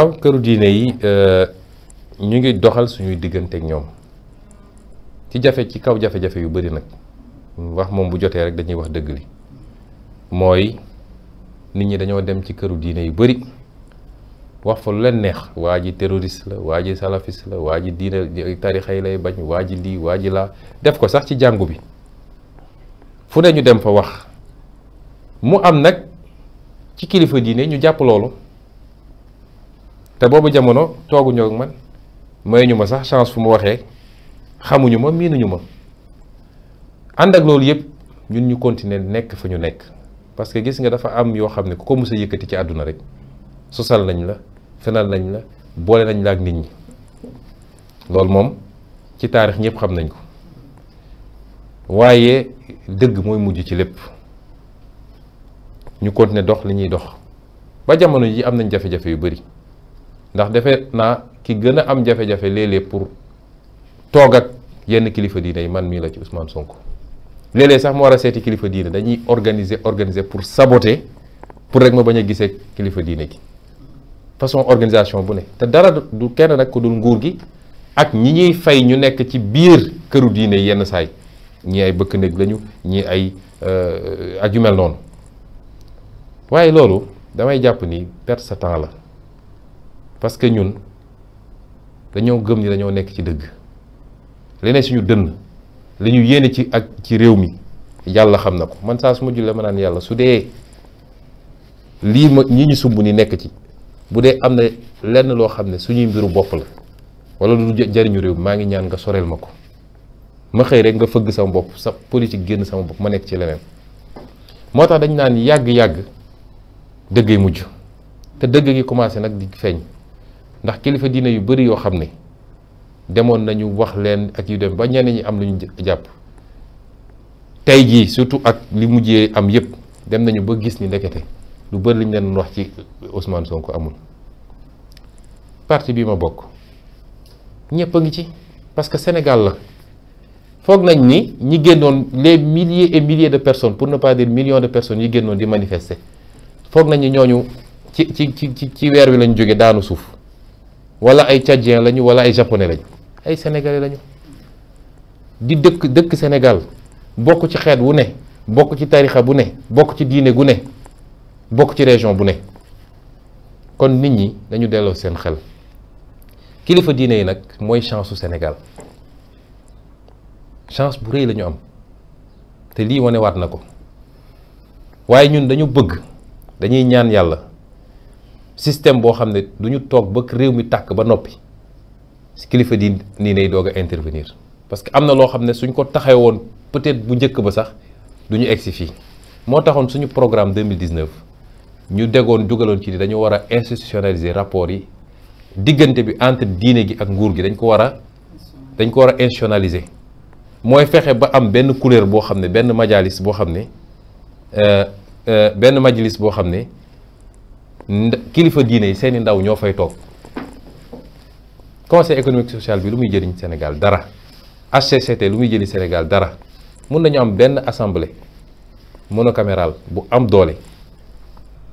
am këru diine yi euh, ñu ngi doxal suñuy diggante ak ñoom ci jafe ci kaw jafe-jafe yu bari nag wax moom bu jotee rek dañuy wax dëgg li mooy nit ñi dañoo dem ci këru diine yu bari wax fa lu leen neex waa ji terroriste la waa ji salafiste la waa ji diine tarixa yi lay bañ waa ji lii waa ji laa def ko sax ci jàngu bi fu ne ñu dem fa wax mu am nag ci kilifa diine ñu jàpp loolu te boobu jamono tooguñoo ak man ñu ma sax chance fu mu waxee xamuñu ma miinuñu ma ànd ak loolu yëpp ñun ñu continuer nekk fa ñu nekk parce que gis nga dafa am yoo xam ne ku ko mës a yëkkati ci àdduna rek sosal nañ la fenal nañ la boole nañ la ak nit ñi loolu moom ci taarix ñëpp xam nañ ko waaye dëgg mooy mujj ci lépp ñu continuer dox li ñuy dox ba jamono ji am nañ jafe-jafe yu bari ndax defe naa ki gën a am jafe-jafe léeg pour toog ak yenn kilifa diine yi man mii la ci Ousmane Sonko léeg-léeg sax mu war a seeti kilifa diine dañuy organiser organiser pour saboté pour rek ma bañ a gisee kilifa diine gi façon organisation bu ne te dara du kenn nag ku dul nguur gi ak ñi ñuy fay ñu nekk ci biir këru diine yenn saay ñi ay bëkk néeg lañu ñi ay euh, ak yu mel noonu waaye loolu damay jàpp ni per sa temps la. parce que ñun dañoo gëm ni dañoo nekk ci dëgg leneen suñu dënn li ñu yéene ci ak ci réew mi yàlla xam na ko man saa su ma jullee ma naan yàlla su dee lii ma ñi ñu sumb ni nekk ci bu dee am na lenn loo xam ne suñuy mbiru bopp la walla lu jariñu réew mi maa ngi ñaan nga soreel ma ko ma xëy rek nga fëgg sama bopp sa politique génn sama bopp ma nekk ci leneen moo tax dañ naan yàgg-yàgg dëgg mujj te dëgg gi commencé nag di feeñ ndax kilifa diine yu bari yoo xam ne demoon nañu wax leen ak yu dem ba ñenn ñi am lu jàpp tey jii surtout ak li mujjee am yépp dem nañu ba gis ni ndekete lu bëri li ñu leen wax ci son ko amul parti bi ma bokk ñëpp a ngi ci parce que Sénégal la foog nañ ni ñi génnoon les milliers et milliers de personne pour ne pas dire de personnes yi génnoon di manifester foog nañ ni ñooñu ci ci ci ci weer wi lañ jóge daanu suuf wala ay tchadien lañu wala ay japonais lañu ay sénégalais lañu di dëkk dëkk Sénégal bokk ci xeet wu ne bokk ci tarixa bu ne bokk ci diine gu ne bokk ci région bu ne kon nit ñi dañu delloo seen xel kilifa diine yi nag mooy chance su Sénégal chance bu rëy la am te lii wanewaat na ko waaye ñun dañu bëgg dañuy ñaan yàlla. système boo xam ne du ñu toog ba réew mi tàkk ba noppi kilifa di nii nay doog a intervenir parce que am na loo xam ne suñ ko taxee woon peut-être bu njëkk ba sax du ñu si fii moo taxoon suñu programme 2019 ñu degoon jugaloon ci ni dañu war a institutionnaliser rapport yi diggante bi entre diine gi ak nguur gi dañ ko war a dañ ko war a institutionnaliser mooy fexe ba am benn couleur boo xam ne benn majalis boo xam ne euh, euh, benn majalis boo xam ne kilifa diine yi seeni ndaw ñoo fay toog conseil économique social bi lu muy jëriñ Sénégal dara HCCT lu muy jëriñ Sénégal dara mun nañu am benn assemblée monocaméral bu am doole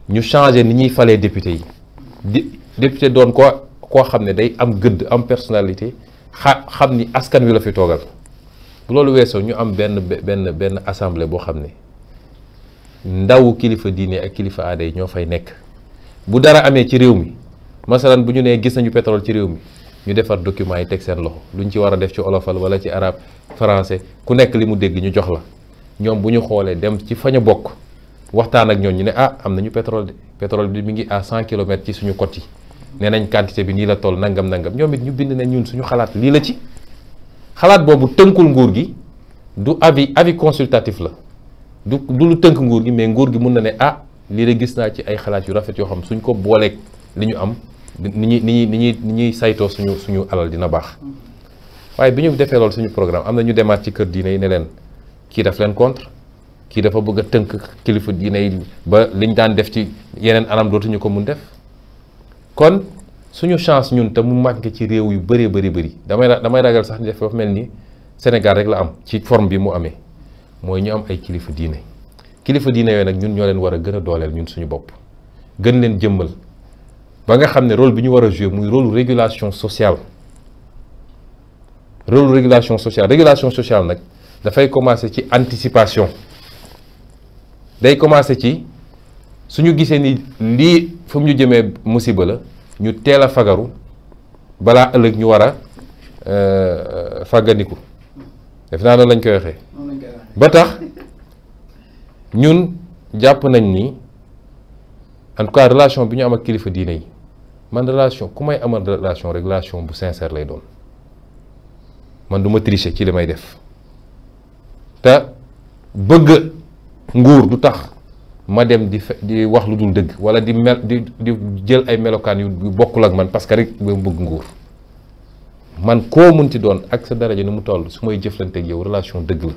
ñu changer ni ñuy falee député yi di député doon koo koo xam ne day am gëdd am personnalité xam ni askan wi la fi toogal bu loolu weesoo ñu am benn benn benn assemblée boo xam ne ndawu kilifa diine ak kilifa aada yi ñoo fay nekk. bu dara amee ci réew mi masalan bu ñu nee gis nañu pétrole ci réew mi ñu defar documents yi teg seen loxo ñu ci war a def ci olofal wala ci arabe français ku nekk li mu dégg ñu jox la ñoom bu ñu xoolee dem ci fañ bokk waxtaan ak ñoom ñu ne ah am nañu pétrole de pétrole bi mi ngi à cent kilomètres ci suñu côte yi nee nañ quantité bi nii la toll nangam nangam ñoom it ñu bind ne ñun suñu xalaat lii la ci xalaat boobu tënkul nguur gi du avis avis la tënk nguur gi mais nguur gi mun na ne ah. lii de gis naa ci ay xalaat yu rafet yoo xam suñ ko booleek li ñu am ni ñuy ni ñuy saytoo suñu suñu alal dina baax waaye bi ñu defee lool suñu programme am na ñu demaat ci kër diine yi ne leen kii daf leen contre kii dafa bëgg a tënk kilifa diine yi ba liñ daan def ci yeneen anam dootuñu ko mun def kon suñu chance ñun te mu màgg ci réew yu bëree bari bari damay damay ragal sax ni def dafa mel ni Sénégal rek la am ci forme bi mu amee mooy ñu am ay kilifa diine. kilifa diine yooyu nag ñun ñoo leen war a gën a dooleel ñun suñu bopp gën leen jëmmal ba nga xam ne rôle bi ñu war a jouer muy rôle régulation sociale rôle régulation sociale régulation sociale nag dafay commencer ci anticipation day commencer ci suñu gisee ni lii fu mu ñu jëmee musiba la ñu teel a fagaru balaa ëllëg ñu war a euh, fàgganiku def naa noonu lañ koy waxee ñun jàpp nañ ni en tout cas relation bi ñu am ak kilifa diine yi man relation ku may amal relation rek relation bu sincère lay doon man du ma ci li may def te bëgg nguur du tax ma dem di di wax lu dul dëgg wala di mel di di jël ay melokaan yu bokkul ak man parce que rek ba bëgg nguur man koo mun ci doon ak sa daraja ni mu toll su may jëflanteeg yow relation dëgg la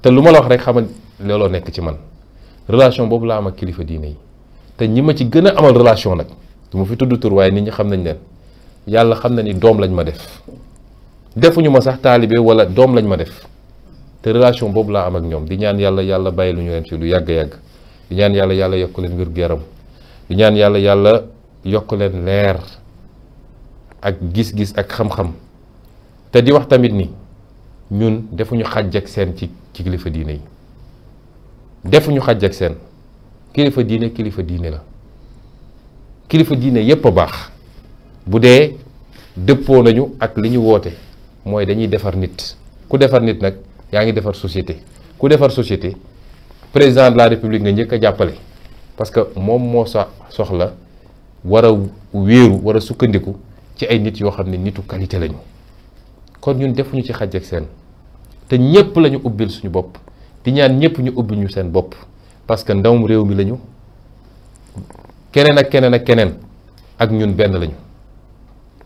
te lu ma la wax rek xamal looloo nekk ci man relation boobu laa am ak kilifa diine yi te ñi ma ci gën a amal relation nag du ma fi tudd tur waaye nit ñi xam nañ leen yàlla xam na ni doom lañ ma def defuñu ma sax taalibe wala doom lañ ma def te relation boobu laa am ak ñoom di ñaan yàlla yàlla bàyyi lu ñu leen fi lu yàgg-yàgg di ñaan yàlla yàlla yokk leen wér gu yaram di ñaan yàlla yàlla yokk leen leer ak gis-gis ak xam-xam te di wax tamit ni ñun defuñu xàjj ak seen ci ci kilifa diine yi defuñu xaj ak seen kilifa diine kilifa diine la kilifa diine yépp a baax bu dee dëppoo nañu ak li ñu woote mooy dañuy defar nit ku defar nit nag yaa ngi defar société ku defar société président de la république na njëkk a jàppale parce que moom moo sa soxla war wéeru wara sukkandiku ci ay nit yoo xam ne nitu qualité lañu kon ñun defuñu ci xaj ak seen te ñépp lañu ubbil suñu bopp di ñaan ñëpp ñu ubbi ñu seen bopp parce que ndawum réew mi lañu keneen ak keneen ak keneen ak ñun benn lañu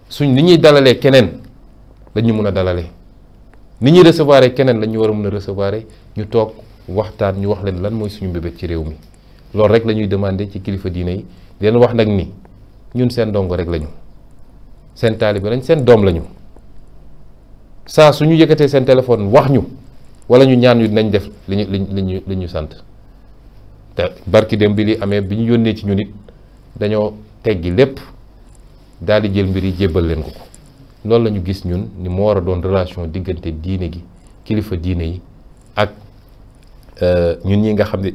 suñ ni ñuy dalalee keneen lañu mën a dalale ni ñuy recevoir keneen lañu war a mën a recevoir ñu toog waxtaan ñu wax leen lan mooy suñu mbébét ci réew mi loolu rek la ñuy demandé ci kilifa diine yi leen wax nag ni ñun seen ndongo rek lañu seen taalibe lañ seen doom lañu saa su ñu yëkkatee seen téléphone wax ñu. wala ñu ñaan ñu nañ def li ñu li ñu sant te barki dem bi li amee bi ñu yónnee ci ñun it dañoo teggi lépp daal di jël mbir yi jébbal leen ko ko loolu lañu gis ñun ni moo war a doon relation diggante diine gi kilifa diine yi ak euh, ñun ñi nga xam ne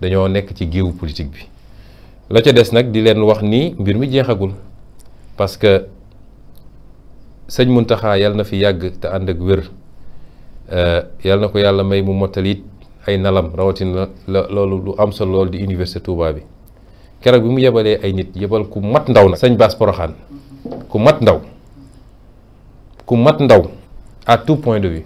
dañoo nekk ci géewu politique bi la ca des nag di leen wax nii mbir mi jeexagul parce que sëñ Muntaxa yal na fi yàgg te ànd ak wér. Eh, yàlla na ko yàlla may mu mottalit ay nalam rawatina la loolu lu am solo loolu di université Touba bi keroog bi mu yebalee ay nit yebal ku mat ndaw na sëñ Bass Porokhane ku mat ndaw ku mat ndaw à tout point de vue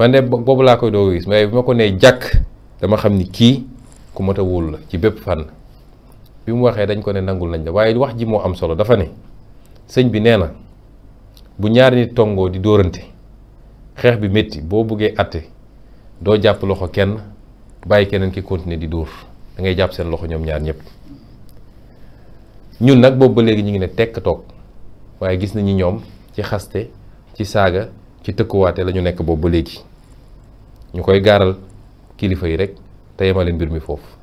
man de boobu laa koy doog gis mais bi ma ko nee jàkk dama xam ni kii ku mat a wóolu la ci bépp fànn bi mu waxee dañ ko ne nangul nañ la waaye wax ji moo am solo dafa ne sëñ bi nee na bu ñaari nit tongoo di dóorante xeex bi métti boo bëggee atte doo jàpp loxo kenn bàyyi keneen ki continuer di dóor dangay jàpp seen loxo ñoom ñaar ñëpp ñun nag boobu ba léegi ñu ngi ne tekk toog waaye gis nañu ñoom ci xaste ci saaga ci tëkkuwaate la ñu nekk boobu ba léegi ñu koy gaaral kilifa yi rek te yemale mbir mi foofu